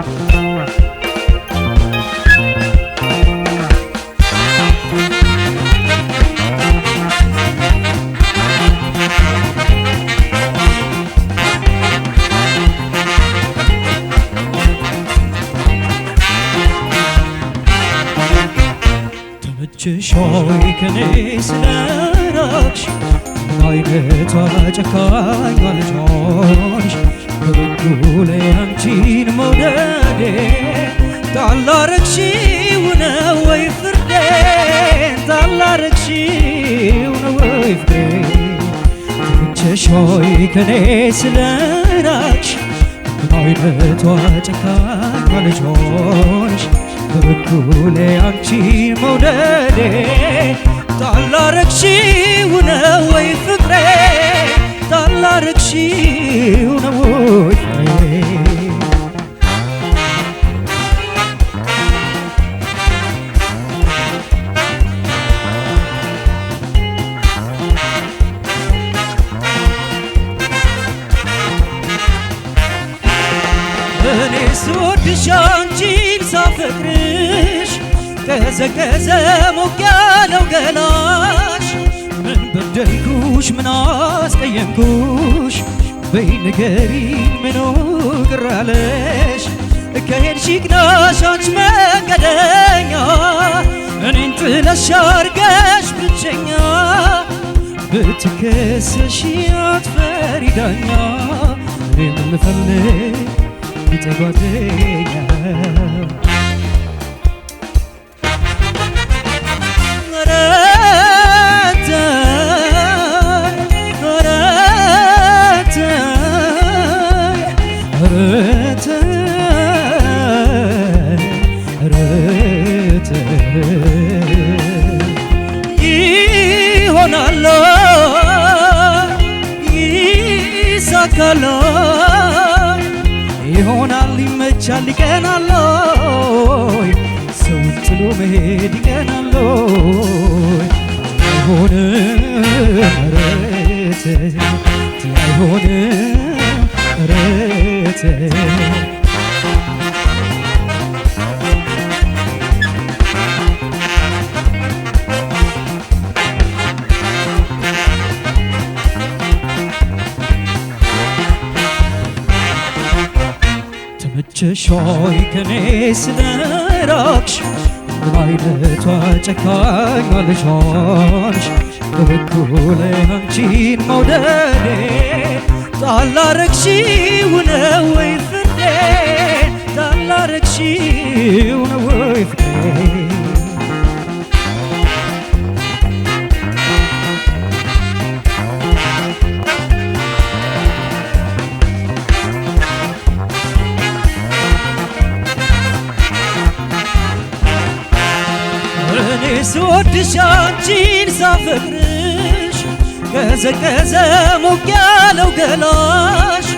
Csak sajkenész, ne rakj, አይነት ጨካኝ አልጆሽ በበኩሌ አንቺን መውደዴ ታላረግሽው ነው ወይ ፍርዴ ታላረግሽው ነው ወይ ፍርዴ ትንቸሽ ሆይ ከኔ ስለራቅሽ አይነቷ ጨካኝ አልጆሽ በበኩሌ አንቺን መውደዴ ታላረግሽው እኔ ስወድሽ አንቺን ሳፈቅርሽ ቀዘቀዘ ሞቅ ያለው ገላሽ ምን በደልኩሽ ምን አስቀየምኩሽ በይ ንገሪኝ ምኑ ቅር አለሽ ከሄድሽ ይቅናሽ አንቺ መንገደኛ እኔን ጥለሽ አርገሽ ብቸኛ ብትከሰሽ አትፈሪ ዳኛ እኔ የምፈልግ አንተ ጓደኛ ይሆናል ይሳካል ይመቻል ይቀናል ወይ ሰው ጥሎ መሄድ ይቀናል ወይ አይሆንም ረት አይሆንም ረት አንቺሽ ሆይ ከኔ ስለራቅሽ ምን አይነቷ ጨካኝ ልጅ ሆንሽ በበኩሌ አንቺን መውደዴ ጣል አረግሽው ወይ ስወድሽ አንቺን ሳፈቅርሽ ቀዘቀዘ ሞቅ ያለው ገላሽ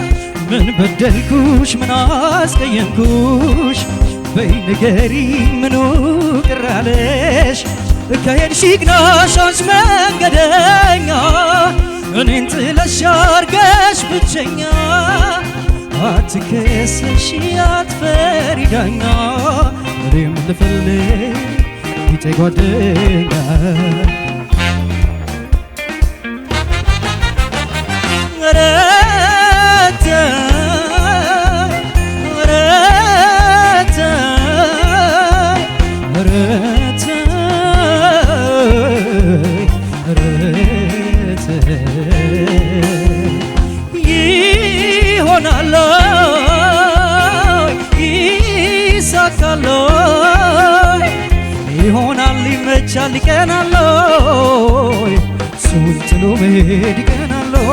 ምን በደልኩሽ ምን አስቀየምኩሽ በይ ንገሪኝ ምኑ ቅር አለሽ ከሄድሽ ይግናሽ አንቺ መንገደኛ እኔን ጥለሽ አርገሽ ብቸኛ አትከሰሽ አትፈሪ ዳኛ እኔም ልፈልግ ፊቴ ጓደኛ አንድ ቀን አለው ሰውን ጥሎ መሄድ ቀን አለው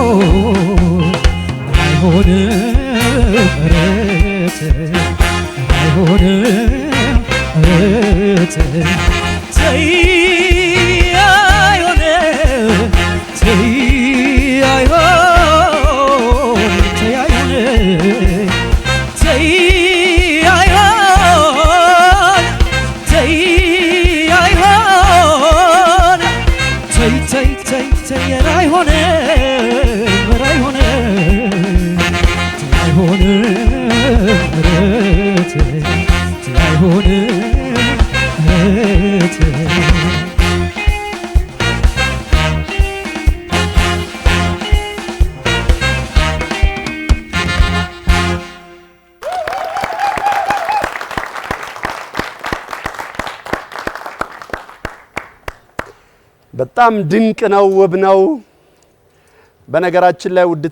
ረት አይሆንም ረት ተይ በጣም ድንቅ ነው፣ ውብ ነው። በነገራችን ላይ ውድ